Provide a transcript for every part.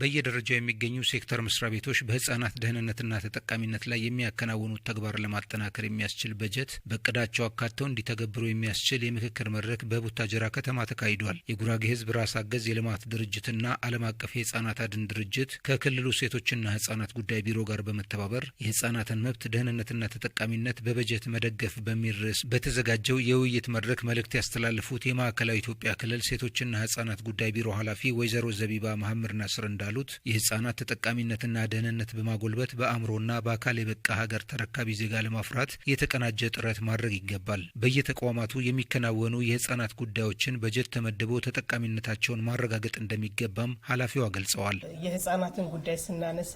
በየደረጃው የሚገኙ ሴክተር መስሪያ ቤቶች በህጻናት ደህንነትና ተጠቃሚነት ላይ የሚያከናውኑት ተግባር ለማጠናከር የሚያስችል በጀት በእቅዳቸው አካተው እንዲተገብሩ የሚያስችል የምክክር መድረክ በቡታጀራ ከተማ ተካሂዷል። የጉራጌ ህዝብ ራስ አገዝ የልማት ድርጅትና ዓለም አቀፍ የህጻናት አድን ድርጅት ከክልሉ ሴቶችና ህጻናት ጉዳይ ቢሮ ጋር በመተባበር የህጻናትን መብት ደህንነትና ተጠቃሚነት በበጀት መደገፍ በሚል ርዕስ በተዘጋጀው የውይይት መድረክ መልእክት ያስተላለፉት የማዕከላዊ ኢትዮጵያ ክልል ሴቶችና ህጻናት ጉዳይ ቢሮ ኃላፊ ወይዘሮ ዘቢባ መሐመድ ናስር እንዳ እንዳሉት የህጻናት ተጠቃሚነትና ደህንነት በማጎልበት በአእምሮና በአካል የበቃ ሀገር ተረካቢ ዜጋ ለማፍራት የተቀናጀ ጥረት ማድረግ ይገባል። በየተቋማቱ የሚከናወኑ የህጻናት ጉዳዮችን በጀት ተመድቦ ተጠቃሚነታቸውን ማረጋገጥ እንደሚገባም ኃላፊዋ ገልጸዋል። የህጻናትን ጉዳይ ስናነሳ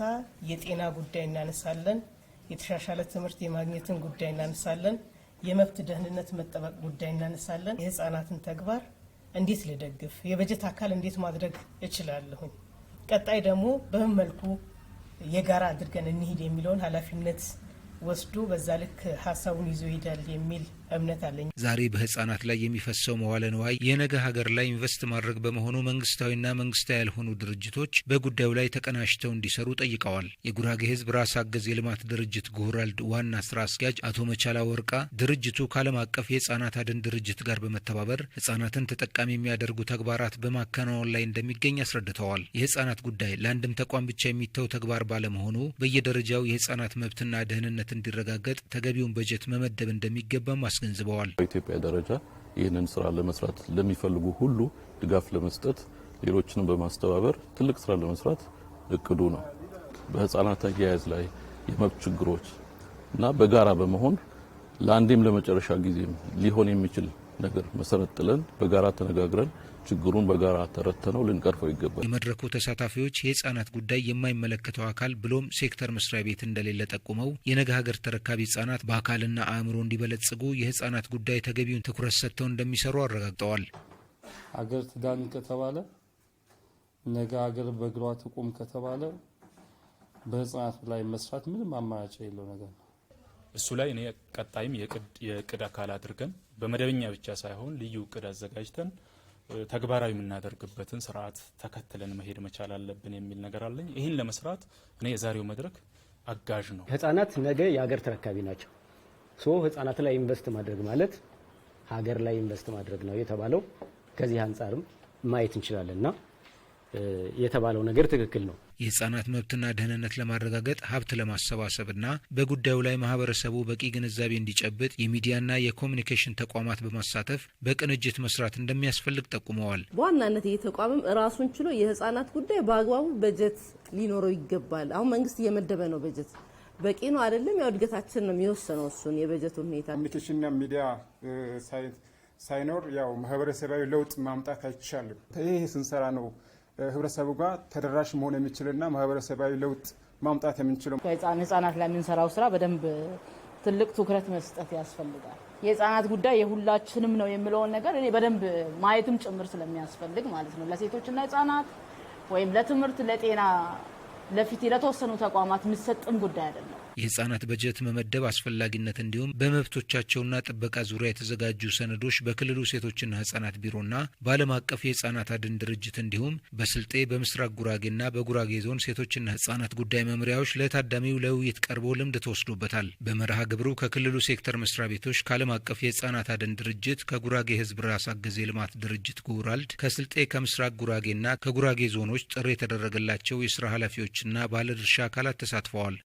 የጤና ጉዳይ እናነሳለን። የተሻሻለ ትምህርት የማግኘትን ጉዳይ እናነሳለን። የመብት ደህንነት መጠበቅ ጉዳይ እናነሳለን። የህጻናትን ተግባር እንዴት ልደግፍ? የበጀት አካል እንዴት ማድረግ እችላለሁኝ? ቀጣይ ደግሞ በምን መልኩ የጋራ አድርገን እንሂድ የሚለውን ኃላፊነት ወስዶ በዛ ልክ ሀሳቡን ይዞ ይሄዳል የሚል እምነት አለኝ። ዛሬ በህጻናት ላይ የሚፈሰው መዋለ ንዋይ የነገ ሀገር ላይ ኢንቨስት ማድረግ በመሆኑ መንግስታዊና መንግስታዊ ያልሆኑ ድርጅቶች በጉዳዩ ላይ ተቀናጅተው እንዲሰሩ ጠይቀዋል። የጉራጌ ህዝብ ራስ አገዝ የልማት ድርጅት ጉራልድ ዋና ስራ አስኪያጅ አቶ መቻላ ወርቃ ድርጅቱ ከዓለም አቀፍ የህጻናት አድን ድርጅት ጋር በመተባበር ህጻናትን ተጠቃሚ የሚያደርጉ ተግባራት በማከናወን ላይ እንደሚገኝ አስረድተዋል። የህጻናት ጉዳይ ለአንድም ተቋም ብቻ የሚተው ተግባር ባለመሆኑ በየደረጃው የህጻናት መብትና ደህንነት እንዲረጋገጥ ተገቢውን በጀት መመደብ እንደሚገባም አስገንዝበዋል። በኢትዮጵያ ደረጃ ይህንን ስራ ለመስራት ለሚፈልጉ ሁሉ ድጋፍ ለመስጠት ሌሎችንም በማስተባበር ትልቅ ስራ ለመስራት እቅዱ ነው። በህፃናት አያያዝ ላይ የመብት ችግሮች እና በጋራ በመሆን ለአንዴም ለመጨረሻ ጊዜም ሊሆን የሚችል ነገር መሰረት ጥለን በጋራ ተነጋግረን ችግሩን በጋራ ተረተነው ልንቀርፈው ይገባል። የመድረኩ ተሳታፊዎች የህጻናት ጉዳይ የማይመለከተው አካል ብሎም ሴክተር መስሪያ ቤት እንደሌለ ጠቁመው የነገ ሀገር ተረካቢ ህጻናት በአካልና አእምሮ እንዲበለጽጉ የህጻናት ጉዳይ ተገቢውን ትኩረት ሰጥተው እንደሚሰሩ አረጋግጠዋል። አገር ትዳን ከተባለ ነገ ሀገር በእግሯ ትቁም ከተባለ በህጻናት ላይ መስራት ምንም አማራጭ የለው ነገር ነው። እሱ ላይ እኔ ቀጣይም የቅድ አካል አድርገን በመደበኛ ብቻ ሳይሆን ልዩ እቅድ አዘጋጅተን ተግባራዊ የምናደርግበትን ስርዓት ተከትለን መሄድ መቻል አለብን የሚል ነገር አለኝ። ይህን ለመስራት እኔ የዛሬው መድረክ አጋዥ ነው። ህጻናት ነገ የሀገር ተረካቢ ናቸው። ሶ ህጻናት ላይ ኢንቨስት ማድረግ ማለት ሀገር ላይ ኢንቨስት ማድረግ ነው የተባለው ከዚህ አንጻርም ማየት እንችላለንና የተባለው ነገር ትክክል ነው። የህጻናት መብትና ደህንነት ለማረጋገጥ ሀብት ለማሰባሰብና በጉዳዩ ላይ ማህበረሰቡ በቂ ግንዛቤ እንዲጨብጥ የሚዲያና የኮሚኒኬሽን ተቋማት በማሳተፍ በቅንጅት መስራት እንደሚያስፈልግ ጠቁመዋል። በዋናነት የተቋምም እራሱን ችሎ የህጻናት ጉዳይ በአግባቡ በጀት ሊኖረው ይገባል። አሁን መንግስት እየመደበ ነው። በጀት በቂ ነው አይደለም፣ ያው እድገታችን ነው የሚወሰነው እሱን የበጀቱ ሁኔታ ኮሚኒኬሽንና ሚዲያ ሳይኖር ያው ማህበረሰባዊ ለውጥ ማምጣት አይቻልም። ይህ ስንሰራ ነው ህብረተሰቡ ጋር ተደራሽ መሆን የሚችልና ማህበረሰባዊ ለውጥ ማምጣት የምንችለው ህጻናት ላይ የምንሰራው ስራ በደንብ ትልቅ ትኩረት መስጠት ያስፈልጋል። የህጻናት ጉዳይ የሁላችንም ነው የሚለውን ነገር እኔ በደንብ ማየትም ጭምር ስለሚያስፈልግ ማለት ነው ለሴቶችና ህጻናት ወይም ለትምህርት፣ ለጤና፣ ለፊት ለተወሰኑ ተቋማት የሚሰጥም ጉዳይ አይደለም። የህጻናት በጀት መመደብ አስፈላጊነት እንዲሁም በመብቶቻቸውና ጥበቃ ዙሪያ የተዘጋጁ ሰነዶች በክልሉ ሴቶችና ህጻናት ቢሮና በዓለም አቀፍ የህጻናት አድን ድርጅት እንዲሁም በስልጤ በምስራቅ ጉራጌና በጉራጌ ዞን ሴቶችና ህጻናት ጉዳይ መምሪያዎች ለታዳሚው ለውይይት ቀርቦ ልምድ ተወስዶበታል። በመርሃ ግብሩ ከክልሉ ሴክተር መስሪያ ቤቶች፣ ከዓለም አቀፍ የህጻናት አድን ድርጅት፣ ከጉራጌ ህዝብ ራስ አገዜ ልማት ድርጅት ጉራልድ፣ ከስልጤ ከምስራቅ ጉራጌና ከጉራጌ ዞኖች ጥሪ የተደረገላቸው የስራ ኃላፊዎችና ባለድርሻ አካላት ተሳትፈዋል።